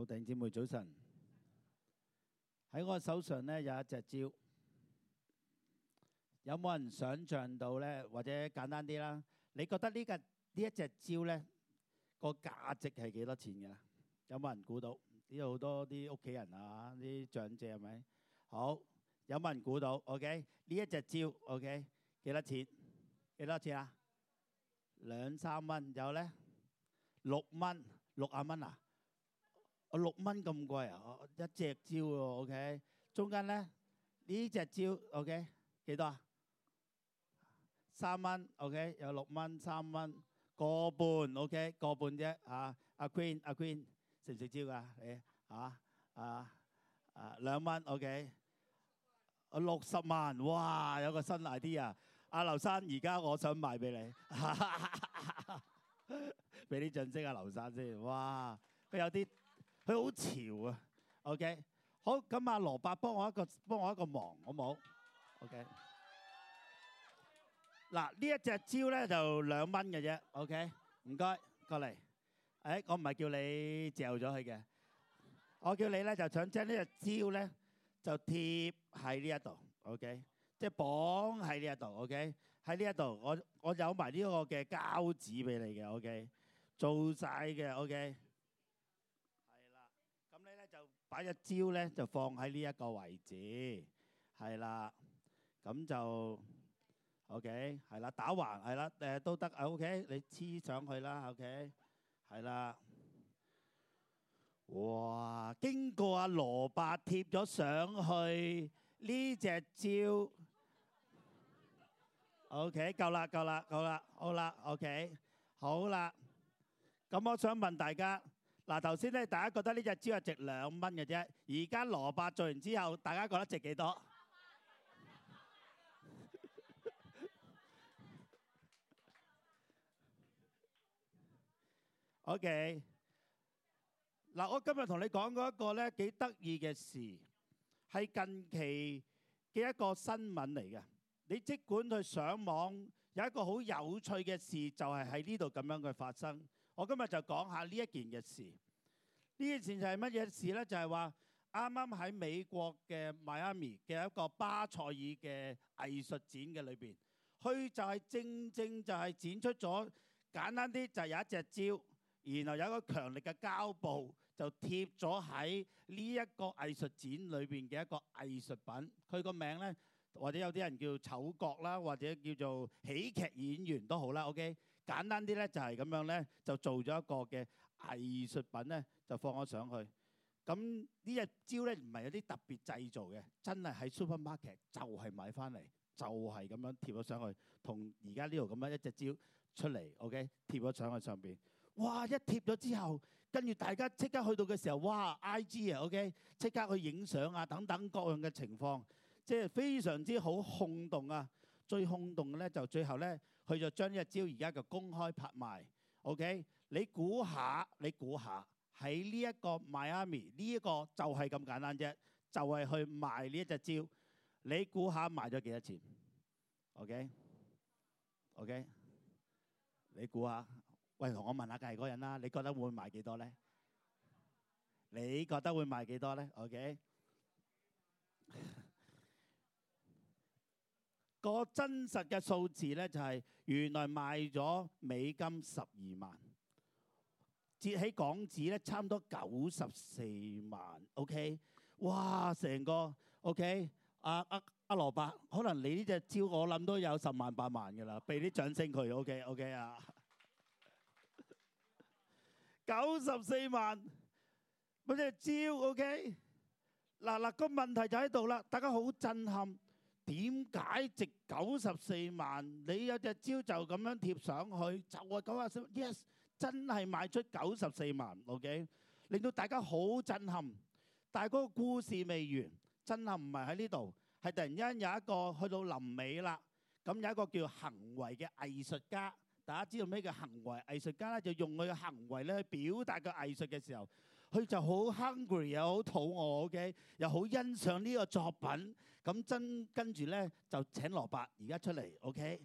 好，弟兄姊妹早晨。喺我手上咧，有一隻蕉，有冇人想象到咧？或者簡單啲啦，你覺得呢個呢一隻蕉咧個價值係幾多錢噶？有冇人估到？呢度好多啲屋企人啊，啲長者係咪？好，有冇人估到？OK，呢一隻蕉 OK 幾多錢？幾多錢啊？兩三蚊，有咧六蚊，六啊蚊啊？哦，六蚊咁貴，我一隻蕉喎，OK。中間咧呢隻蕉，OK，幾多啊？三蚊，OK。有六蚊，三蚊個半，OK，個半啫。啊，阿 Queen，阿 Queen 食唔食蕉噶你？啊啊啊，兩蚊，OK。我六十萬，哇，有個新 idea。阿劉生，而家我想賣俾你，俾啲信息阿劉生先。哇，佢有啲。佢好潮啊，OK，好咁啊，羅伯幫我一個幫我一個忙好冇？OK，嗱呢一隻蕉咧就兩蚊嘅啫，OK，唔該過嚟，誒我唔係叫你嚼咗佢嘅，我叫你咧就想將呢隻蕉咧就貼喺呢一度，OK，即係綁喺呢一度，OK，喺呢一度我我有埋呢個嘅膠紙俾你嘅，OK，做晒嘅，OK。把一蕉咧就放喺呢一個位置，係啦，咁就 OK，係啦，打橫係啦，誒都得啊，OK，你黐上去啦，OK，係啦，哇，經過阿蘿蔔貼咗上去呢隻蕉，OK，夠啦夠啦夠啦，好啦 OK，好啦，咁我想問大家。嗱，頭先咧，大家覺得呢隻蕉係值兩蚊嘅啫，而家蘿蔔做完之後，大家覺得值幾多 ？OK，嗱，我今日同你講嗰一個咧幾得意嘅事，係近期嘅一個新聞嚟嘅。你即管去上網，有一個好有趣嘅事，就係喺呢度咁樣嘅發生。我今日就講下呢一件嘅事，呢件事就係乜嘢事呢？就係話啱啱喺美國嘅 Miami 嘅一個巴塞爾嘅藝術展嘅裏邊，佢就係正正就係展出咗簡單啲就有一隻蕉，然後有一個強力嘅膠布就貼咗喺呢一個藝術展裏邊嘅一個藝術品。佢個名呢，或者有啲人叫丑角啦，或者叫做喜劇演員都好啦。OK。簡單啲咧就係咁樣咧，就做咗一個嘅藝術品咧，就放咗上去。咁呢隻蕉咧唔係有啲特別製造嘅，真係喺 supermarket 就係買翻嚟，就係咁樣貼咗上去，同而家呢度咁樣一隻蕉出嚟，OK 貼咗上去上邊。哇！一貼咗之後，跟住大家即刻去到嘅時候，哇！IG 啊，OK，即刻去影相啊，等等各樣嘅情況，即係非常之好轟動啊！最轟動嘅咧就最後咧。佢就將呢隻招而家就公開拍賣，OK？你估下，你估下喺呢一個 Miami 呢一個就係咁簡單啫，就係去賣呢一隻招。你估下賣咗幾多錢？OK？OK？你估下？喂，同我問下隔離嗰人啦，你覺得會賣幾多咧？你覺得會賣幾多咧？OK？個真實嘅數字咧，就係原來賣咗美金十二萬，折起港紙咧，差唔多九十四萬。OK，哇，成個 OK，阿阿阿羅伯，可能你呢隻蕉我諗都有十萬八萬噶啦，俾啲掌聲佢。OK，OK、OK? OK? 啊， 九十四萬乜嘢蕉？OK，嗱嗱個問題就喺度啦，大家好震撼。點解值九十四萬？你有隻招就咁樣貼上去，就話九十四萬，Yes，真係賣出九十四萬。OK，令到大家好震撼。但係嗰個故事未完，震撼唔係喺呢度，係突然間有一個去到臨尾啦。咁有一個叫行為嘅藝術家，大家知道咩叫行為藝術家咧？就用佢嘅行為咧去表達個藝術嘅時候。佢就好 hungry 又好肚餓 OK？又好欣賞呢個作品，咁真跟住咧就請蘿蔔而家出嚟，OK？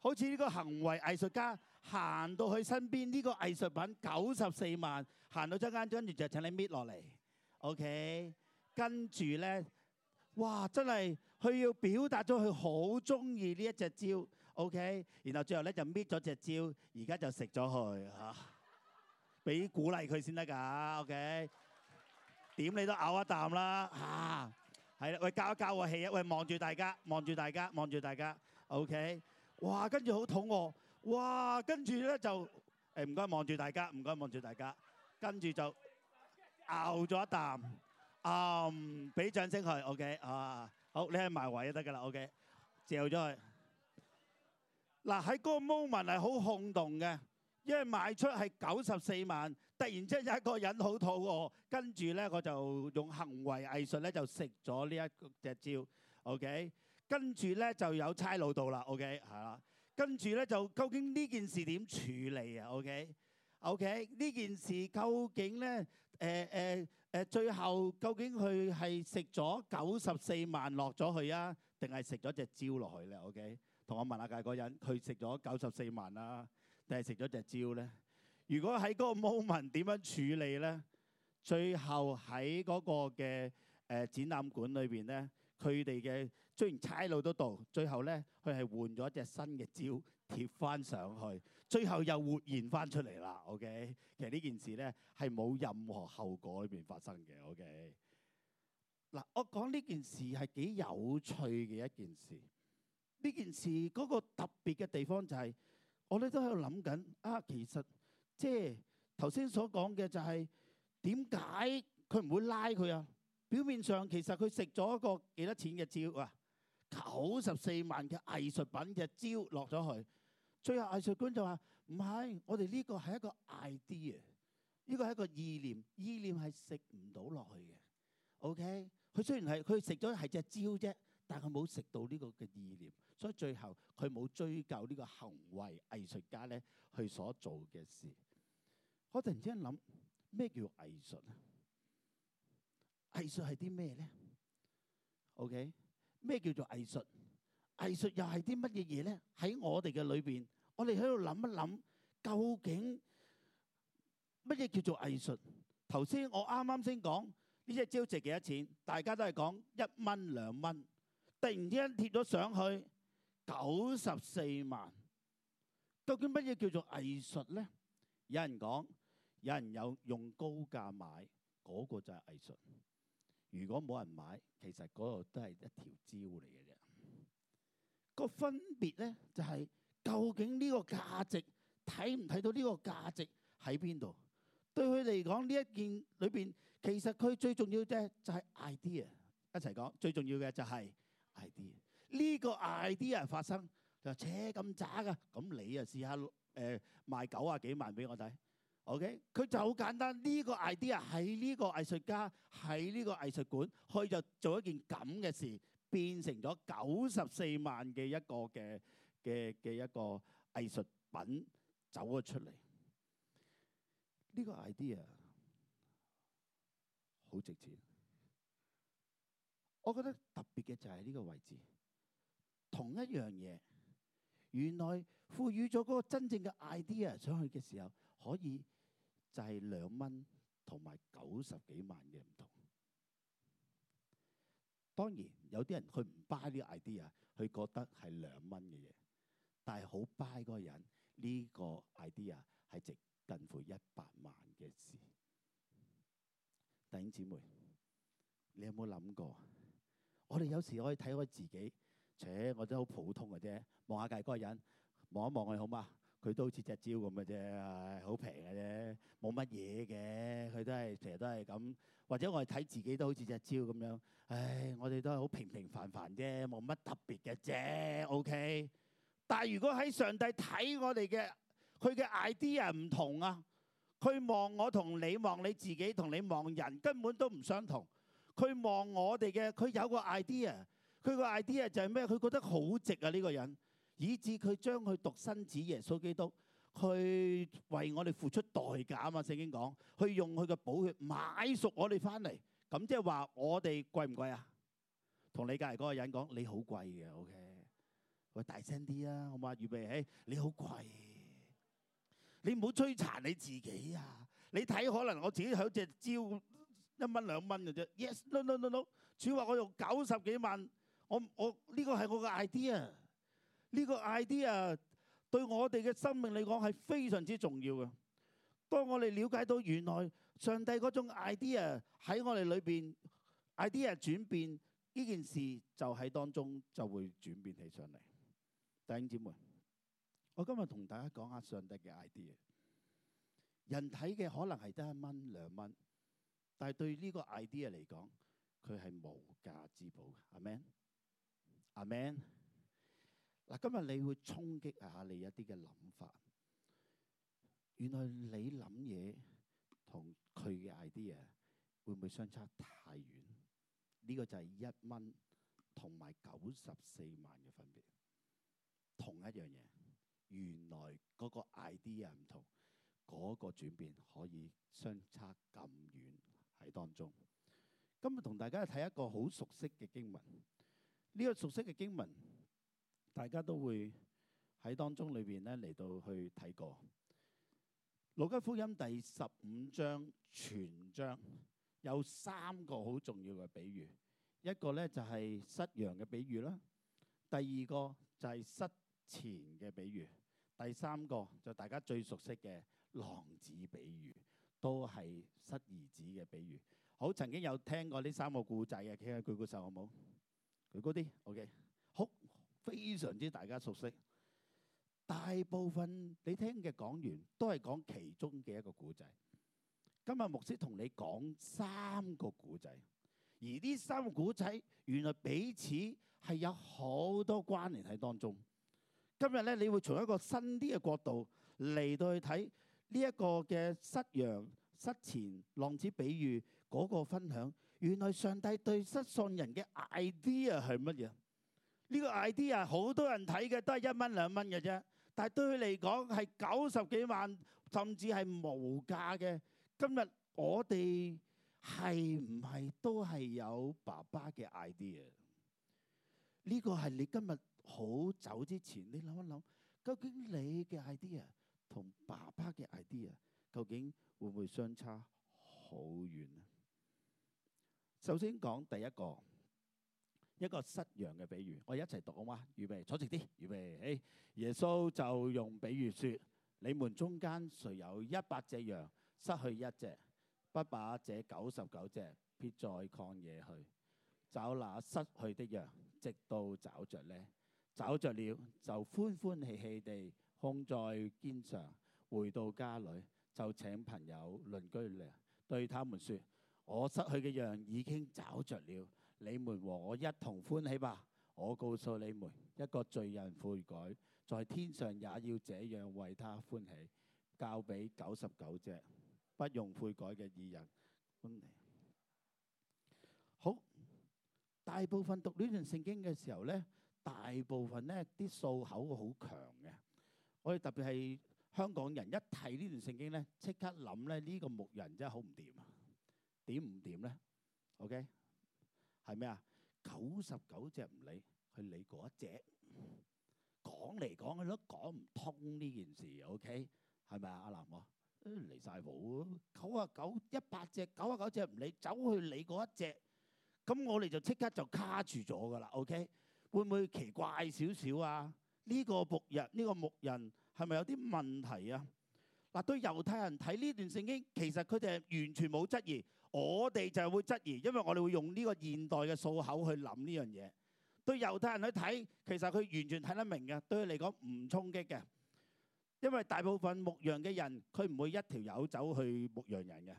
好似呢個行為藝術家行到佢身邊，呢個藝術品九十四萬，行到中間，跟住就請你搣落嚟，OK？跟住咧，哇！真係佢要表達咗佢好中意呢一隻蕉，OK？然後最後咧就搣咗隻蕉，而家就食咗佢嚇。俾鼓勵佢先得噶，OK？點你都咬一啖啦，嚇，係啦。喂，教一教個氣啊！喂，望住大家，望住大家，望住大家，OK？哇，跟住好肚餓，哇，跟住咧就誒唔該，望住大家，唔該，望住大家，跟住就咬咗一啖，嗯，俾掌聲佢，OK？啊，好，你喺埋位就得噶啦，OK？嚼咗佢，嗱，喺嗰個 moment 係好轟動嘅。因為賣出係九十四萬，突然之間有一個人好肚餓，跟住呢，我就用行為藝術呢就食咗呢一隻蕉，OK？跟住呢就有差佬到啦，OK？係啦，跟住呢，就究竟呢件事點處理啊？OK？OK？OK? OK？呢件事究竟呢？誒、呃、誒、呃呃、最後究竟佢係食咗九十四萬落咗去啊，定係食咗隻蕉落去呢？OK？同我問下嗰個人，佢食咗九十四萬啊？定係食咗隻蕉咧？如果喺嗰個 moment 點樣處理咧？最後喺嗰個嘅誒展覽館裏邊咧，佢哋嘅雖然差佬都到，最後咧佢係換咗隻新嘅蕉貼翻上去，最後又活現翻出嚟啦。OK，其實呢件事咧係冇任何後果裏邊發生嘅。OK，嗱我講呢件事係幾有趣嘅一件事。呢件事嗰個特別嘅地方就係、是。我哋都喺度諗緊啊，其實即係頭先所講嘅就係點解佢唔會拉佢啊？表面上其實佢食咗一個幾多錢嘅蕉啊？九十四萬嘅藝術品嘅蕉落咗去，最後藝術官就話：唔係，我哋呢個係一個 idea，呢個係一個意念，意念係食唔到落去嘅。OK，佢雖然係佢食咗係隻蕉啫。但佢冇食到呢個嘅意念，所以最後佢冇追究呢個行為藝術家咧，去所做嘅事。我突然之間諗咩叫藝術啊？藝術係啲咩咧？OK，咩叫做藝術？藝術又係啲乜嘢嘢咧？喺我哋嘅裏邊，我哋喺度諗一諗，究竟乜嘢叫做藝術？頭先我啱啱先講呢隻蕉值幾多錢？大家都係講一蚊兩蚊。突然之間貼咗上去九十四萬，究竟乜嘢叫做藝術咧？有人講，有人有用高價買嗰個就係藝術。如果冇人買，其實嗰度都係一條蕉嚟嘅啫。個分別咧就係究竟呢個價值睇唔睇到呢個價值喺邊度？對佢嚟講，呢一件裏邊其實佢最重要嘅就係 idea。一齊講最重要嘅就係、是。呢個 idea 發生，就切咁渣㗎，咁你啊試下誒、呃、賣九啊幾萬俾我睇，OK？佢就好簡單，呢、這個 idea 喺呢個藝術家喺呢個藝術館，佢就做一件咁嘅事，變成咗九十四萬嘅一個嘅嘅嘅一個藝術品走咗出嚟，呢、這個 idea 好值錢。我覺得特別嘅就係呢個位置，同一樣嘢，原來賦予咗嗰個真正嘅 idea，上去嘅時候可以就係兩蚊同埋九十幾萬嘅唔同。當然有啲人佢唔 buy 呢個 idea，佢覺得係兩蚊嘅嘢，但係好 buy 嗰個人呢個 idea 係值近乎一百萬嘅事。弟兄姊妹，你有冇諗過？我哋有時可以睇開自己，且我都好普通嘅啫。望下第個人，望一望佢好嗎？佢都好似隻蕉咁嘅啫，好平嘅啫，冇乜嘢嘅。佢都係成日都係咁，或者我哋睇自己都好似隻蕉咁樣。唉，我哋都係好平平凡凡啫，冇乜特別嘅啫。OK。但係如果喺上帝睇我哋嘅，佢嘅 idea 唔同啊。佢望我，同你望你自己，同你望人根本都唔相同。佢望我哋嘅，佢有個 idea，佢個 idea 就係咩？佢覺得好值啊，呢個人，以至，佢將佢獨生子耶穌基督，去為我哋付出代價啊嘛。聖經講，佢用佢嘅寶血買贖我哋翻嚟，咁即係話我哋貴唔貴啊？同你隔籬嗰個人講，你好貴嘅，OK，喂，大聲啲啊，好嘛？預備起，你好貴，你唔好摧殘你自己啊！你睇，可能我自己響隻招。一蚊兩蚊嘅啫，yes，no no no no，主話我用九十幾萬，我我呢個係我嘅 idea，呢個 idea 對我哋嘅生命嚟講係非常之重要嘅。當我哋了解到原來上帝嗰種 idea 喺我哋裏邊，idea 轉變呢件事就喺當中就會轉變起上嚟。弟兄姊妹，我今日同大家講下上帝嘅 idea，人體嘅可能係得一蚊兩蚊。但係對呢個 idea 嚟講，佢係無價之寶。Amen，Amen，嗱，今日你會衝擊下你一啲嘅諗法。原來你諗嘢同佢嘅 idea 會唔會相差太遠？呢個就係一蚊同埋九十四萬嘅分別。同一樣嘢，原來嗰個 idea 唔同，嗰個轉變可以相差咁遠。當中，今日同大家睇一個好熟悉嘅經文。呢、這個熟悉嘅經文，大家都會喺當中裏邊呢，嚟到去睇過《路加福音》第十五章全章，有三個好重要嘅比喻。一個呢就係、是、失羊嘅比喻啦，第二個就係失錢嘅比喻，第三個就大家最熟悉嘅浪子比喻。都係失兒子嘅比喻。好，曾經有聽過呢三個故仔嘅，舉下佢個手好唔好？舉高啲，OK。好，非常之大家熟悉。大部分你聽嘅講員都係講其中嘅一個故仔。今日牧師同你講三個故仔，而呢三個故仔原來彼此係有好多關聯喺當中。今日咧，你會從一個新啲嘅角度嚟到去睇。呢一個嘅失羊失錢、浪子比喻嗰個分享，原來上帝對失信人嘅 idea 係乜嘢？呢、這個 idea 好多人睇嘅都係一蚊兩蚊嘅啫，但係對佢嚟講係九十幾萬甚至係無價嘅。今日我哋係唔係都係有爸爸嘅 idea？呢個係你今日好走之前，你諗一諗，究竟你嘅 idea？同爸爸嘅 idea 究竟會唔會相差好遠啊？首先講第一個，一個失羊嘅比喻，我哋一齊讀好嘛，預備坐直啲，預備。唉，耶穌就用比喻說：你們中間誰有一百隻羊，失去一隻，不把這九十九隻撇在曠野去，找那失去的羊，直到找着呢，找着了就歡歡喜喜地。扛在肩上，回到家裏就請朋友鄰居嚟，對他們說：我失去嘅羊已經找着了，你們和我一同歡喜吧。我告訴你們，一個罪人悔改，在天上也要這樣為他歡喜。交俾九十九隻不用悔改嘅義人歡喜。好，大部分讀呢段聖經嘅時候呢，大部分呢啲數口好強嘅。我哋特別係香港人一睇呢段聖經咧，即刻諗咧呢個牧人真係好唔掂啊？點唔掂咧？OK 係咩啊？九十九隻唔理，去理嗰一隻，講嚟講去都講唔通呢件事。OK 係咪啊？阿南啊，嚟曬譜啊！九啊九一百隻，九啊九隻唔理，走去理嗰一隻，咁我哋就即刻就卡住咗㗎啦。OK 會唔會奇怪少少啊？呢個牧人，呢個牧人係咪有啲問題啊？嗱，對猶太人睇呢段聖經，其實佢哋係完全冇質疑。我哋就係會質疑，因為我哋會用呢個現代嘅數口去諗呢樣嘢。對猶太人去睇，其實佢完全睇得明嘅，對佢嚟講唔衝擊嘅。因為大部分牧羊嘅人，佢唔會一條友走去牧羊人嘅，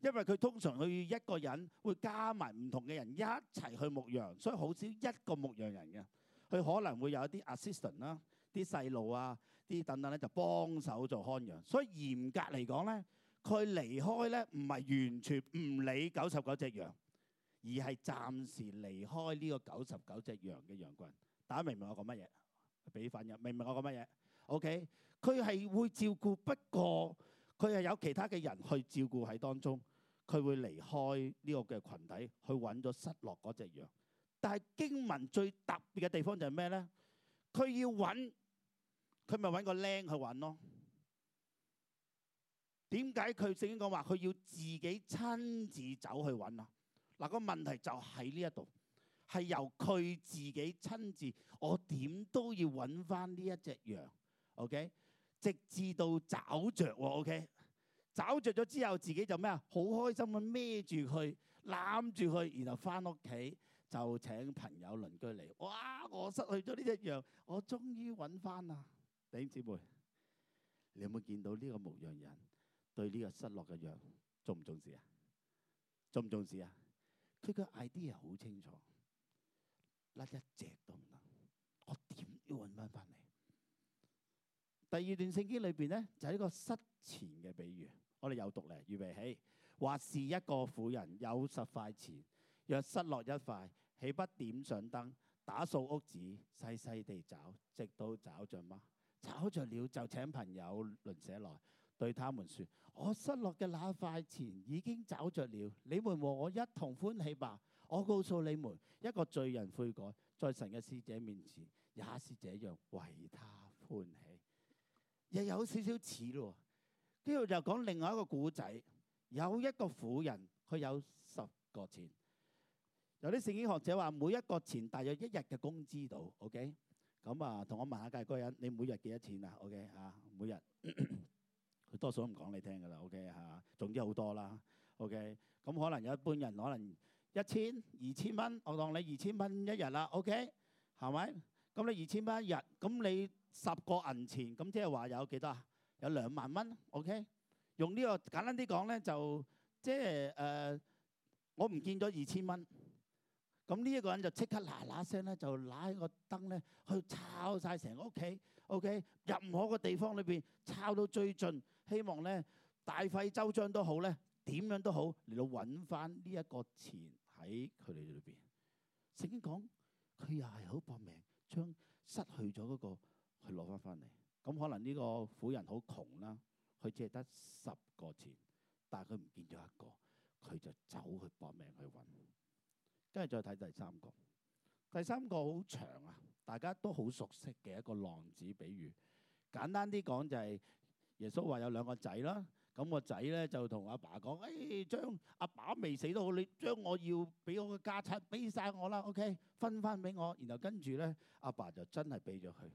因為佢通常去一個人會加埋唔同嘅人一齊去牧羊，所以好少一個牧羊人嘅。佢可能會有一啲 assistant 啦，啲細路啊，啲等等咧就幫手做看羊。所以嚴格嚟講咧，佢離開咧唔係完全唔理九十九隻羊，而係暫時離開呢個九十九隻羊嘅羊羣。大家明唔明我講乜嘢？俾啲反應，明唔明我講乜嘢？OK，佢係會照顧，不過佢係有其他嘅人去照顧喺當中。佢會離開呢個嘅群體，去揾咗失落嗰隻羊。但係經文最特別嘅地方就係咩咧？佢要揾，佢咪揾個靚去揾咯。點解佢正經講話佢要自己親自走去揾啊？嗱，個問題就喺呢一度係由佢自己親自，我點都要揾翻呢一隻羊，OK，直至到找著，OK，找着咗之後自己就咩啊？好開心咁孭住佢攬住佢，然後翻屋企。就請朋友鄰居嚟，哇！我失去咗呢隻羊，我終於揾翻啦，弟兄姊妹，你有冇見到呢個牧羊人對呢個失落嘅羊重唔重視啊？重唔重視啊？佢嘅 idea 好清楚，甩一隻都唔得，我點要揾翻翻嚟？第二段聖經裏邊呢，就係、是、一個失錢嘅比喻，我哋又讀咧預備起，或是一個婦人有十塊錢。若失落一塊，豈不點上燈，打掃屋子，細細地找，直到找着嗎？找着了就請朋友鄰舍來，對他們説：我失落嘅那塊錢已經找着了，你們和我一同歡喜吧！我告訴你們，一個罪人悔改，在神嘅使者面前也是這樣為他歡喜，又有少少似咯。跟住就講另外一個故仔，有一個婦人，佢有十個錢。有啲聖經學者話每一個錢大約一日嘅工資度，OK 咁啊，同我問下，介嗰人你每日幾多錢啊？OK 嚇，每日佢多數都唔講你聽噶啦，OK 嚇。總之好多啦，OK 咁可能有一般人可能一千二千蚊，我當你二千蚊一日啦，OK 係咪？咁你二千蚊一日，咁你十個銀錢咁即係話有幾多啊？有兩萬蚊，OK 用呢個簡單啲講咧，就即係誒，我唔見咗二千蚊。咁呢一個人就即刻嗱嗱聲咧，就揦個燈咧去抄晒成屋企，OK，任何個地方裏邊抄到最盡，希望咧大費周章都好咧，點樣都好，嚟到揾翻呢一個錢喺佢哋裏邊。聖經講佢又係好搏命，將失去咗嗰個去攞翻翻嚟。咁可能呢個婦人好窮啦，佢借得十個錢，但係佢唔見咗一個，佢就走去搏命去揾。今日再睇第三個，第三個好長啊，大家都好熟悉嘅一個浪子比喻。簡單啲講就係耶穌話有兩個仔啦，咁個仔咧就同阿爸講：誒、哎，將阿爸未死都好，你將我要俾我嘅家產俾晒我啦，OK，分翻俾我。然後跟住咧，阿爸就真係俾咗佢。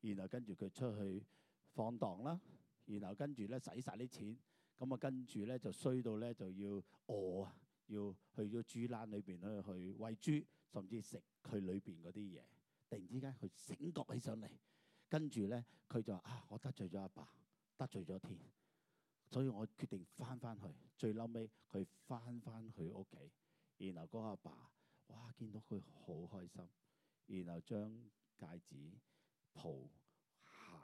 然後跟住佢出去放蕩啦，然後跟住咧使晒啲錢，咁啊跟住咧就衰到咧就要餓啊。要去咗豬欄裏邊咧去餵豬，甚至食佢裏邊嗰啲嘢。突然之間佢醒覺起上嚟，跟住咧佢就話啊，我得罪咗阿爸、爸，得罪咗天，所以我決定翻翻去。最嬲尾佢翻翻去屋企，然後嗰個阿爸、爸哇見到佢好開心，然後將戒指、袍鞋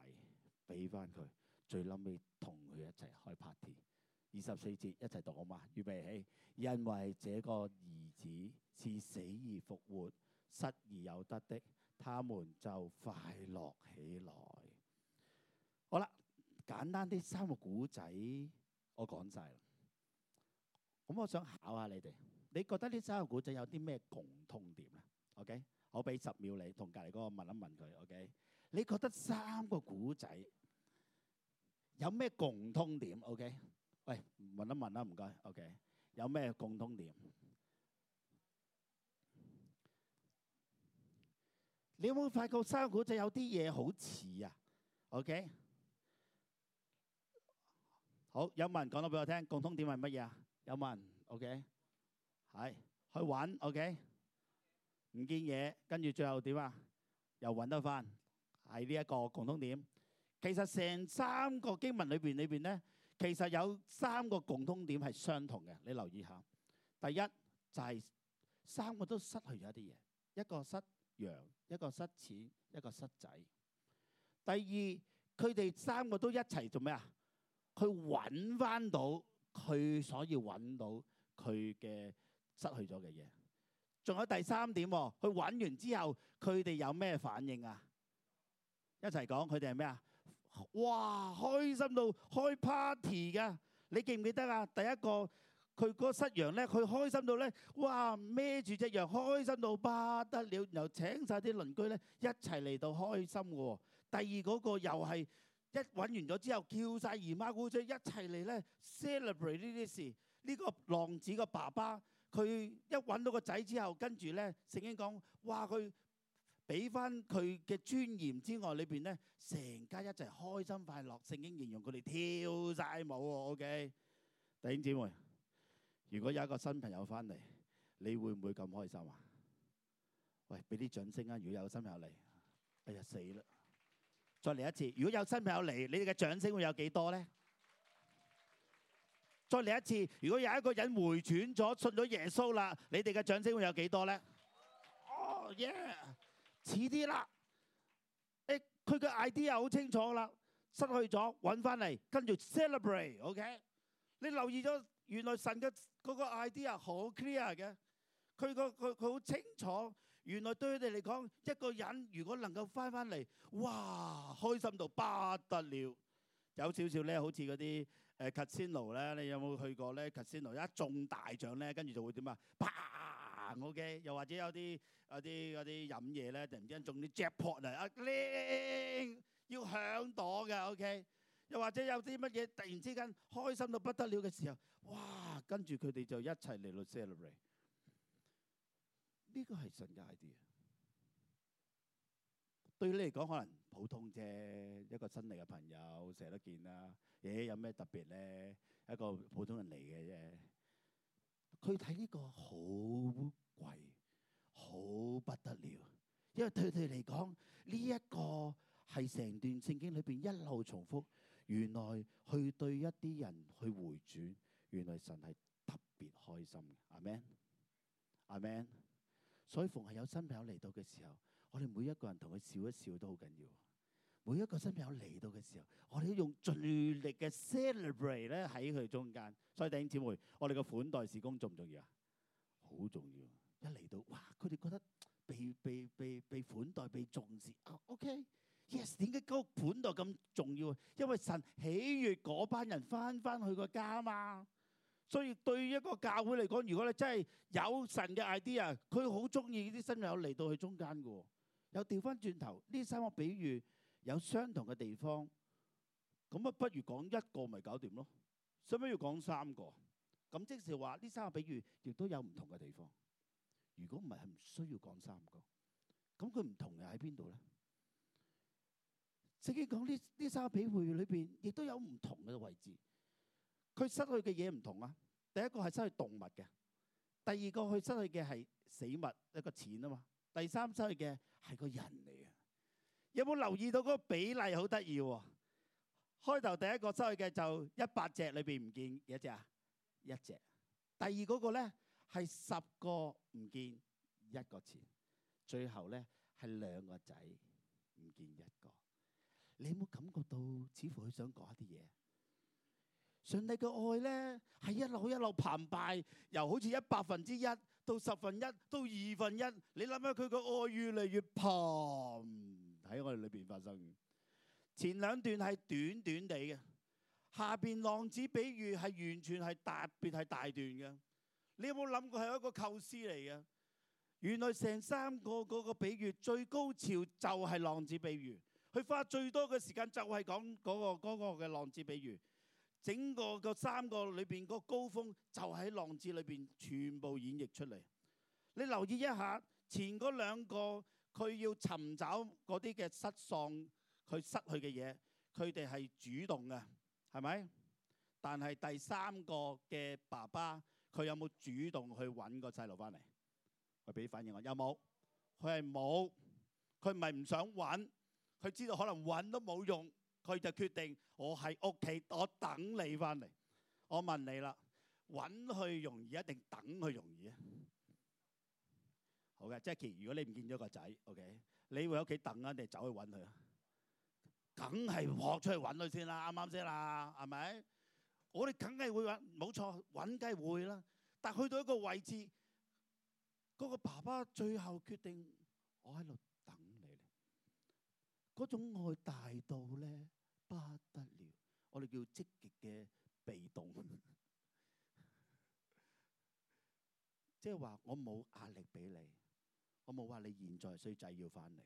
俾翻佢，最嬲尾同佢一齊開 party。二十四節一齊讀好嘛？預備起，因為這個兒子是死而復活、失而有得的，他們就快樂起來。好啦，簡單啲，三個古仔我講晒啦。咁我想考，考下你哋，你覺得呢三個古仔有啲咩共通點咧？OK，我俾十秒你同隔籬嗰個問一問佢。OK，你覺得三個古仔有咩共通點？OK。喂，問一問啦，唔該，OK。有咩共通點？你有冇發覺三個古仔有啲嘢好似啊？OK。好，有冇人講到俾我聽？共通點係乜嘢啊？有冇人？OK。係，去揾，OK。唔見嘢，跟住最後點啊？又揾得返，係呢一個共通點。其實成三個經文裏邊，裏邊咧。其實有三個共通點係相同嘅，你留意下。第一就係、是、三個都失去咗啲嘢，一個失羊，一個失錢，一個失仔。第二佢哋三個都一齊做咩啊？去揾翻到佢，所以揾到佢嘅失去咗嘅嘢。仲有第三點，佢揾完之後，佢哋有咩反應啊？一齊講，佢哋係咩啊？哇！開心到開 party 㗎，你記唔記得啊？第一個佢個失羊咧，佢開心到咧，哇孭住隻羊開心到不得了，然後請晒啲鄰居咧，一齊嚟到開心喎。第二嗰個又係一揾完咗之後，叫晒姨媽姑姐一齊嚟咧 celebrate 呢啲事。呢個浪子嘅爸爸佢一揾到個仔之後，跟住咧成日講哇佢。俾翻佢嘅尊嚴之外，裏邊咧成家一齊開心快樂。聖經形容佢哋跳晒舞喎。OK，弟兄姊妹，如果有一個新朋友翻嚟，你會唔會咁開心啊？喂，俾啲掌聲啊！如果有新朋友嚟，哎呀死啦！再嚟一次，如果有新朋友嚟，你哋嘅掌聲會有幾多咧？再嚟一次，如果有一個人回轉咗信咗耶穌啦，你哋嘅掌聲會有幾多咧？Oh yeah！似啲啦，誒，佢嘅 idea 好清楚啦，失去咗，搵翻嚟，跟住 celebrate，OK？Okay？你留意咗，原來神嘅個 idea 好 clear 嘅，佢個佢佢好清楚，原來對佢哋嚟講，一個人如果能夠翻翻嚟，哇，開心到不得了。有少少咧，好似啲誒，casino 咧，你有冇去過咧？casino 一中大獎咧，跟住就會點啊？啪！O.K. 又或者有啲、有啲、有啲飲嘢咧，突然之間中啲 jackpot 嚟，一拎要響朵嘅。O.K. 又或者有啲乜嘢，突然之間開心到不得了嘅時候，哇！跟住佢哋就一齊嚟 celebrate。呢個係新嘅 idea！對你嚟講可能普通啫，一個新嚟嘅朋友成日都見啦。咦，有咩特別咧？一個普通人嚟嘅啫。佢睇呢個好貴，好不得了，因為對佢嚟講，呢一個係成段聖經裏邊一路重複，原來佢對一啲人去回轉，原來神係特別開心嘅，阿 Men，阿 Men，所以逢係有新朋友嚟到嘅時候，我哋每一個人同佢笑一笑都好緊要。每一個新友嚟到嘅時候，我哋用最力嘅 celebrate 咧喺佢中間。所以弟兄姊妹，我哋個款待事工重唔重要啊？好重要！一嚟到，哇！佢哋覺得被被被被款待、被重視。啊，OK，Yes。點解個款待咁重要？因為神喜悅嗰班人翻翻去個家啊嘛。所以對一個教會嚟講，如果你真係有神嘅 idea，佢好中意呢啲新友嚟到佢中間噶。又調翻轉頭呢三個比喻。有相同嘅地方，咁啊不如講一個咪搞掂咯。使唔使要講三個？咁即是話呢三個比喻亦都有唔同嘅地方。如果唔係，係唔需要講三個。咁佢唔同嘅喺邊度咧？即係講呢呢三個比喻裏邊，亦都有唔同嘅位置。佢失去嘅嘢，唔同啊。第一個係失去動物嘅，第二個佢失去嘅係死物，一個錢啊嘛。第三失去嘅係個人嚟嘅。有冇留意到嗰個比例好得意喎？開頭第一個失去嘅就一百隻裏邊唔見一隻，啊，一隻。第二嗰個咧係十個唔見一個錢，最後咧係兩個仔唔見一個。你有冇感覺到似乎佢想講一啲嘢？上帝嘅愛咧係一路一路澎湃，由好似一百分之一到十分一到二分一。你諗下佢嘅愛越嚟越膨。喺我哋裏邊發生嘅，前兩段係短短地嘅，下邊浪子比喻係完全係特別係大段嘅。你有冇諗過係一個構思嚟嘅？原來成三個嗰個比喻最高潮就係浪子比喻，佢花最多嘅時間就係講嗰個嗰個嘅浪子比喻。整個個三個裏邊個高峰就喺浪子裏邊全部演繹出嚟。你留意一下前嗰兩個。佢要尋找嗰啲嘅失喪，佢失去嘅嘢，佢哋係主動嘅，係咪？但係第三個嘅爸爸，佢有冇主動去搵個細路返嚟？我俾反應我，有冇？佢係冇，佢唔係唔想搵，佢知道可能搵都冇用，佢就決定我喺屋企，我等你返嚟。我問你啦，搵佢容易，一定等佢容易啊？好嘅，Jackie，如果你唔見咗個仔，OK，你會喺屋企等啊，定走去揾佢啊？梗係撲出去揾佢先啦，啱唔啱先啦？係咪？我哋梗係會揾，冇錯，揾梗係會啦。但係去到一個位置，嗰個爸爸最後決定，我喺度等你咧。嗰種愛大到咧不得了，我哋叫積極嘅被動，即係話我冇壓力俾你。我冇話，你現在衰仔要翻嚟，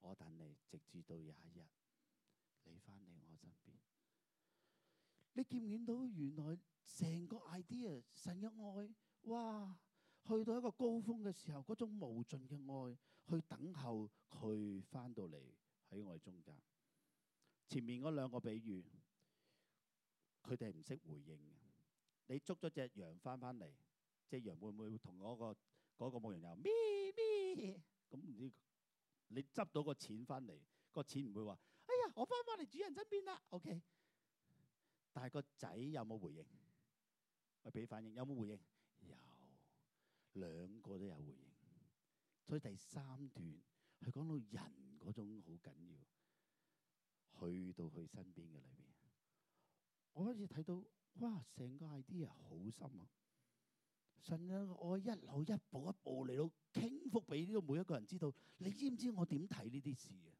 我等你直至到有一日，你翻嚟我身邊。你見唔見到原來成個 idea 神嘅愛，哇！去到一個高峰嘅時候，嗰種無盡嘅愛去等候佢翻到嚟喺我哋中間。前面嗰兩個比喻，佢哋唔識回應。你捉咗隻羊翻翻嚟，隻羊會唔會同嗰個？嗰個牧羊人咩咩咁，唔知你執到個錢翻嚟，個錢唔會話：哎呀，我翻返嚟主人身邊啦。OK，但係個仔有冇回應？我俾反應有冇回應？有兩個都有回應。所以第三段係講到人嗰種好緊要，去到佢身邊嘅裏邊，我開始睇到哇，成個 idea 好深啊！神，我一路一步一步嚟到傾覆俾呢個每一個人知道。你知唔知我點睇呢啲事啊？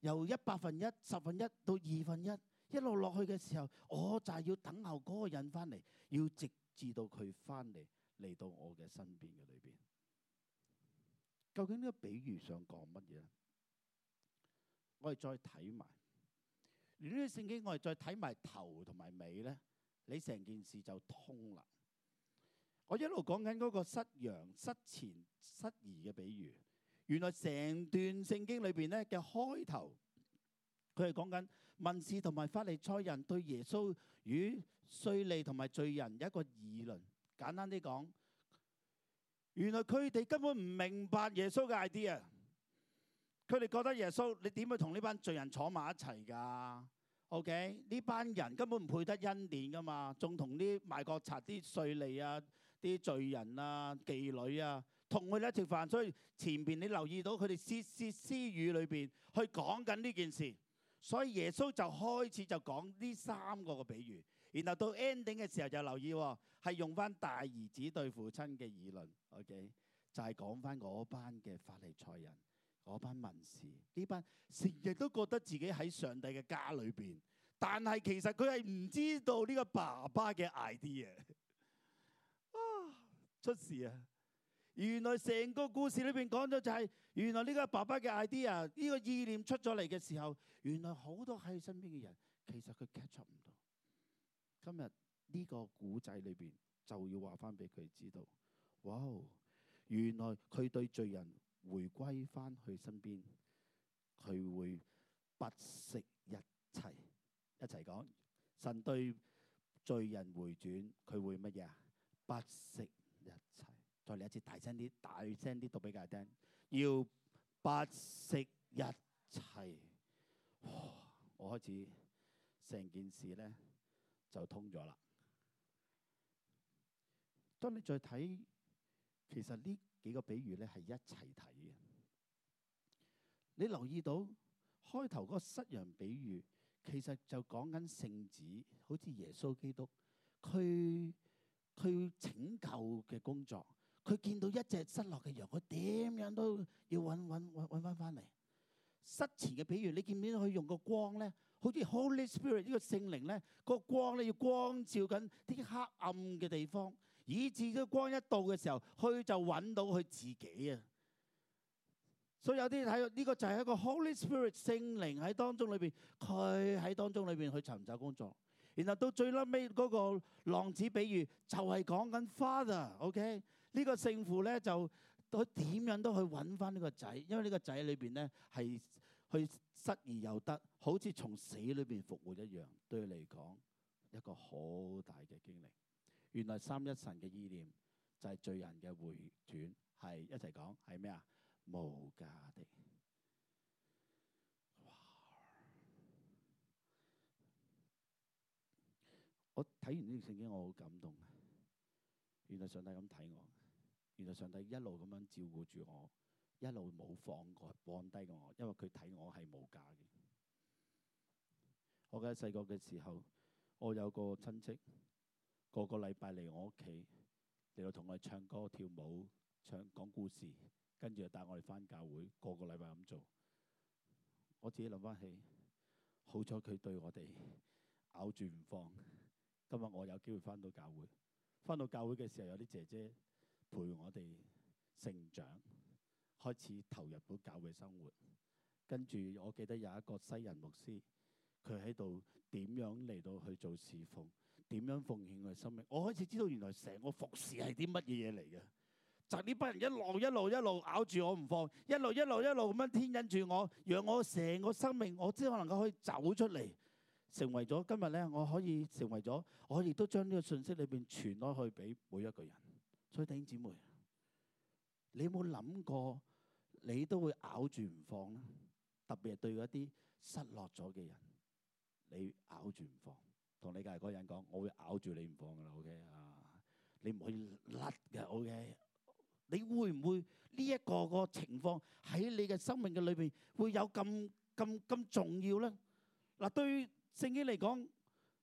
由一百分一、十分一到二分一，一路落去嘅時候，我就係要等候嗰個人翻嚟，要直至到佢翻嚟嚟到我嘅身邊嘅裏邊。究竟呢個比喻想講乜嘢咧？我哋再睇埋連呢個聖經，我哋再睇埋頭同埋尾咧，你成件事就通啦。我一路講緊嗰個失羊、失錢、失兒嘅比喻，原來成段聖經裏邊咧嘅開頭，佢係講緊文士同埋法利賽人對耶穌與稅吏同埋罪人一個議論。簡單啲講，原來佢哋根本唔明白耶穌嘅 idea，佢哋覺得耶穌你點會同呢班罪人坐埋一齊噶？OK，呢班人根本唔配得恩典噶嘛，仲同啲賣國賊啲稅吏啊！啲罪人啊、妓女啊，同佢一齊食飯，所以前邊你留意到佢哋竊竊私語裏邊去講緊呢件事，所以耶穌就開始就講呢三個嘅比喻，然後到 ending 嘅時候就留意喎，係用翻大兒子對父親嘅議論，OK，就係講翻嗰班嘅法利賽人、嗰班文士，呢班成日都覺得自己喺上帝嘅家裏邊，但係其實佢係唔知道呢個爸爸嘅 idea 出事啊！原來成個故事裏邊講咗就係、是，原來呢個爸爸嘅 idea，呢個意念出咗嚟嘅時候，原來好多喺身邊嘅人其實佢 catch 唔到。今日呢個古仔裏邊就要話翻俾佢知道，哇、哦！原來佢對罪人回歸翻去身邊，佢會不惜一切。一齊講，神對罪人回轉，佢會乜嘢啊？不惜。一齊，再嚟一次，大聲啲，大聲啲讀俾大家聽。要不惜一切，我開始成件事咧就通咗啦。當你再睇，其實呢幾個比喻咧係一齊睇嘅。你留意到開頭嗰個失羊比喻，其實就講緊聖子，好似耶穌基督，佢佢舊嘅工作，佢見到一隻失落嘅羊，佢點樣都要揾揾揾揾翻翻嚟。失前嘅，譬如你見唔見佢用個光咧，好似 Holy Spirit 呢個聖靈咧，個光咧要光照緊啲黑暗嘅地方，以至到光一到嘅時候，佢就揾到佢自己啊。所以有啲睇到呢個就係一個 Holy Spirit 聖靈喺當中裏邊，佢喺當中裏邊去尋找工作。然後到最撚尾嗰個浪子比喻就，okay？就係講緊 Father，OK？呢個聖父咧就佢點樣都去搵返呢個仔，因為呢個仔裏邊咧係去失而又得，好似從死裏邊復活一樣，對佢嚟講一個好大嘅經歷。原來三一神嘅意念就係罪人嘅回轉，係一齊講係咩啊？無價的。我睇完呢段聖經，我好感動。原來上帝咁睇我，原來上帝一路咁樣照顧住我，一路冇放過、放低過我，因為佢睇我係無價嘅。我記得細個嘅時候，我有個親戚，個個禮拜嚟我屋企嚟到同我哋唱歌跳舞、唱講故事，跟住又帶我哋翻教會，個個禮拜咁做。我自己諗翻起，好彩佢對我哋咬住唔放。今日我有機會返到教會，返到教會嘅時候有啲姐姐陪我哋成長，開始投入到教會生活。跟住我記得有一個西人牧師，佢喺度點樣嚟到去做侍奉，點樣奉獻佢生命。我開始知道原來成個服侍係啲乜嘢嘢嚟嘅，就呢班人一路一路一路咬住我唔放，一路一路一路咁樣牽引住我，讓我成個生命我只可能夠可以走出嚟。成為咗今日咧，我可以成為咗，我亦都將呢個信息裏邊傳開去俾每一個人。所以弟兄姊妹，你有冇諗過你都會咬住唔放咧？特別係對嗰啲失落咗嘅人，你咬住唔放。同你隔籬嗰個人講，我會咬住你唔放㗎喇。OK 啊，你唔可以甩㗎。OK，你會唔會呢一個個情況喺你嘅生命嘅裏邊會有咁咁咁重要咧？嗱，對。聖經嚟講，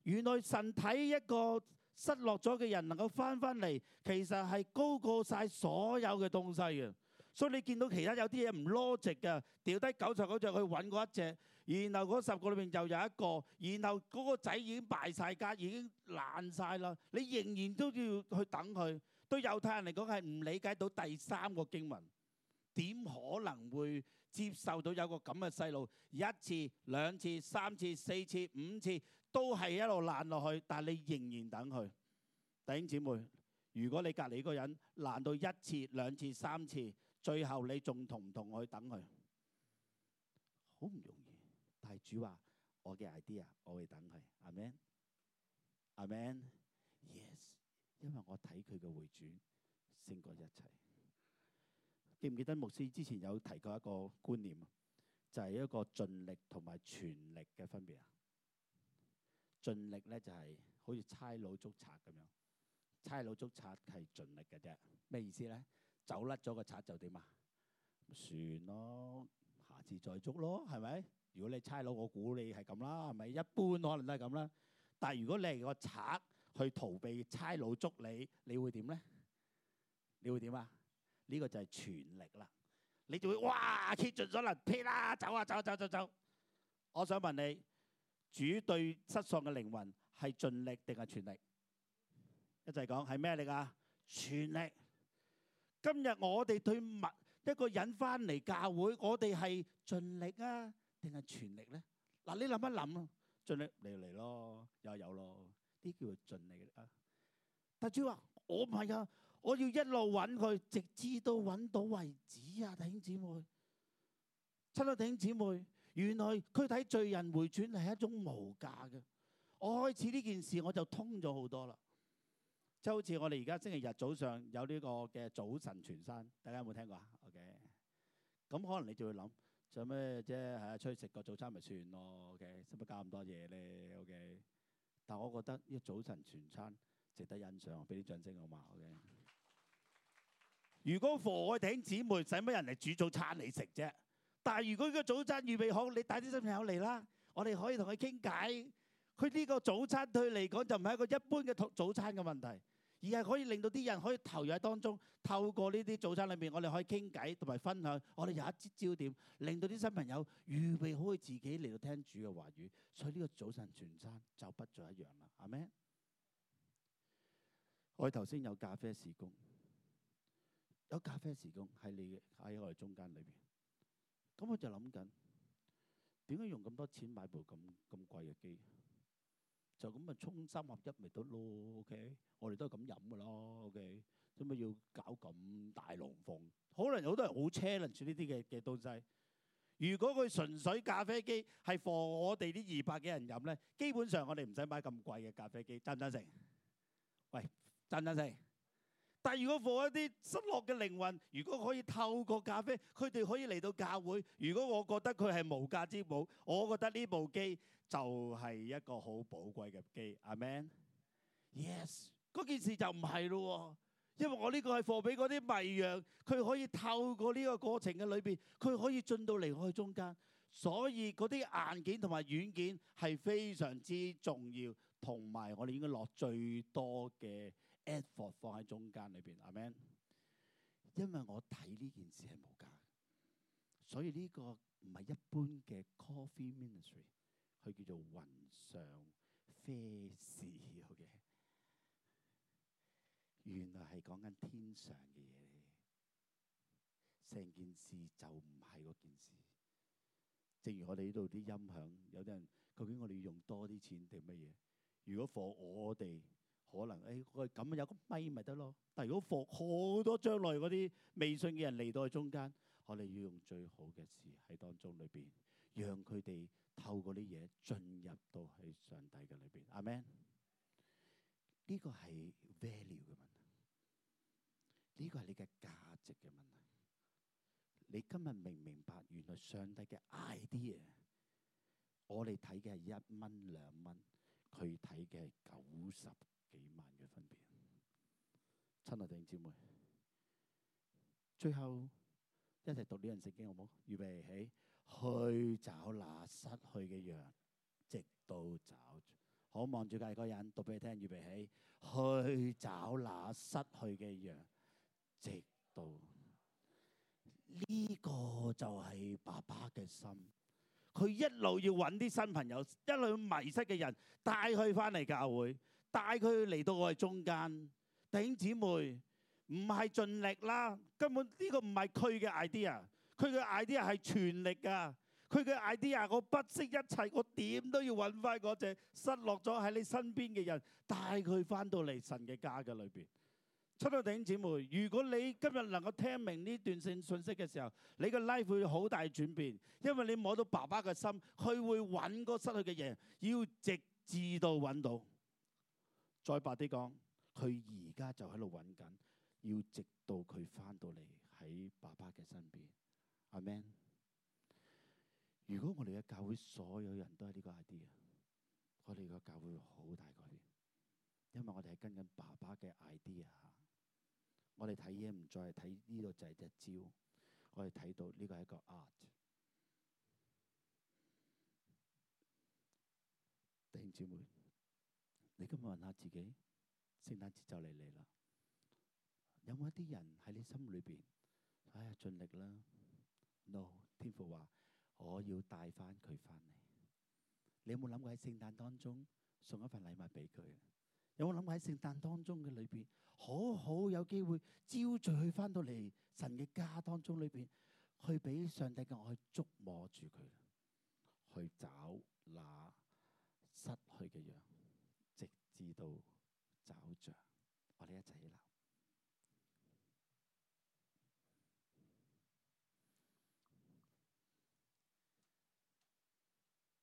原來神睇一個失落咗嘅人能夠翻返嚟，其實係高過晒所有嘅東西嘅。所以你見到其他有啲嘢唔邏輯嘅，掉低九十九隻去揾嗰一隻，然後嗰十個裏面又有一個，然後嗰個仔已經敗晒家，已經爛晒啦，你仍然都要去等佢。對猶太人嚟講係唔理解到第三個經文。點可能會接受到有個咁嘅細路一次、兩次、三次、四次、五次都係一路爛落去，但係你仍然等佢。弟兄姊妹，如果你隔籬嗰個人爛到一次、兩次、三次，最後你仲同唔同我去等佢？好唔容易，但主話我嘅 idea，我會等佢。阿 Man，阿 Man，yes，因為我睇佢嘅回轉勝過一切。記唔記得牧師之前有提過一個觀念，就係一個盡力同埋全力嘅分別啊。盡力咧就係好似差佬捉賊咁樣，差佬捉賊係盡力嘅啫。咩意思咧？走甩咗個賊就點啊？算咯，下次再捉咯，係咪？如果你差佬，我估你係咁啦，係咪？一般可能都係咁啦。但係如果你係個賊去逃避差佬捉你，你會點咧？你會點啊？呢個就係全力啦，你就會哇竭盡所能啦，撇啦，走啊走啊走啊走、啊、走、啊。我想問你，主對失喪嘅靈魂係盡力定係全力？一齊講係咩嚟㗎？全力。今日我哋對物一個人翻嚟教會，我哋係盡力啊定係全力咧？嗱，你諗一諗咯，盡力嚟嚟咯，有有咯，呢叫盡力啊。但主話我唔係啊。我要一路揾佢，直至到揾到為止啊！弟兄姊妹，親愛弟兄姊妹，原來佢睇罪人回轉係一種無價嘅。我開始呢件事，我就通咗 好多啦。即係好似我哋而家星期日早上有呢個嘅早晨全餐，大家有冇聽過啊？OK，咁可能你就會諗，做咩啫？係啊，出去食個早餐咪算咯。OK，使乜搞咁多嘢咧？OK，但我覺得呢早晨全餐值得欣賞，俾啲掌聲好嘛？OK。.如果父愛頂姊妹，使乜人嚟煮早餐你食啫？但係如果個早餐預備好，你帶啲新朋友嚟啦，我哋可以同佢傾偈。佢呢個早餐對佢嚟講就唔係一個一般嘅早餐嘅問題，而係可以令到啲人可以投入喺當中。透過呢啲早餐裏面，我哋可以傾偈同埋分享。我哋有一支焦點，令到啲新朋友預備好佢自己嚟到聽主嘅話語。所以呢個早晨全餐就不再一樣啦，係咪、mm？Hmm. 我哋頭先有咖啡時工。有咖啡時供喺你嘅，喺我哋中間裏邊。咁我就諗緊點解用咁多錢買部咁咁貴嘅機？就咁啊，沖三合一咪得咯，OK？我哋都係咁飲噶啦，OK？做咩要搞咁大龍鳳？可能，好多人都好 challenge 呢啲嘅嘅東西。如果佢純粹咖啡機係放我哋啲二百幾人飲咧，基本上我哋唔使買咁貴嘅咖啡機，贊唔贊成？喂，贊唔贊成？但如果放一啲失落嘅靈魂，如果可以透過咖啡，佢哋可以嚟到教會。如果我覺得佢係無價之寶，我覺得呢部機就係一個好寶貴嘅機。Amen。Yes，嗰件事就唔係咯，因為我呢個係放俾嗰啲迷羊，佢可以透過呢個過程嘅裏邊，佢可以進到離開中間。所以嗰啲硬件同埋軟件係非常之重要，同埋我哋應該落最多嘅。放喺中間裏邊，阿 men，因為我睇呢件事係無價，所以呢個唔係一般嘅 coffee ministry，佢叫做雲上啡事嘅，okay? 原來係講緊天上嘅嘢，成件事就唔係嗰件事。正如我哋呢度啲音響，有啲人究竟我哋要用多啲錢定乜嘢？如果放我哋。可能誒佢咁有個咪咪得咯，但如果放好多將來嗰啲未信嘅人嚟到去中間，我哋要用最好嘅事喺當中裏邊，讓佢哋透過啲嘢進入到喺上帝嘅裏邊。阿們？呢個係 value 嘅問題，呢個係你嘅價值嘅問題。你今日明唔明白？原來上帝嘅 idea，我哋睇嘅係一蚊兩蚊，佢睇嘅係九十幾萬嘅分別，親愛弟兄姊妹，最後一齊讀呢段聖經好唔好？預備起，去找那失去嘅羊，直到找。好，望住嗰個人讀俾你聽。預備起，去找那失去嘅羊，直到呢個就係爸爸嘅心。佢一路要揾啲新朋友，一路迷失嘅人帶佢翻嚟教會。帶佢嚟到我哋中間，弟兄姊妹，唔係盡力啦，根本呢個唔係佢嘅 idea。佢嘅 idea 係全力啊！佢嘅 idea，我不惜一切，我點都要揾翻嗰隻失落咗喺你身邊嘅人，帶佢翻到嚟神嘅家嘅裏邊。出到嚟，弟兄姊妹，如果你今日能夠聽明呢段性訊息嘅時候，你嘅 life 會好大轉變，因為你摸到爸爸嘅心，佢會揾嗰失去嘅嘢，要直至到揾到。再白啲講，佢而家就喺度揾緊，要直到佢翻到嚟喺爸爸嘅身邊。阿 Men，如果我哋嘅教會所有人都係呢個 idea，我哋個教會好大改變，因為我哋係跟緊爸爸嘅 idea，我哋睇嘢唔再係睇呢度就係隻招，我哋睇到呢個係一個 art。弟兄姊妹。你今日問下自己，聖誕節就嚟嚟啦，有冇一啲人喺你心裏邊？哎呀，盡力啦。No，天父話：我要帶翻佢翻嚟。你有冇諗過喺聖誕當中送一份禮物俾佢？有冇諗過喺聖誕當中嘅裏邊，好好有機會朝早去翻到嚟神嘅家當中裏邊，去俾上帝嘅愛捉摸住佢，去找那失去嘅羊。直到找着，我哋一齊去。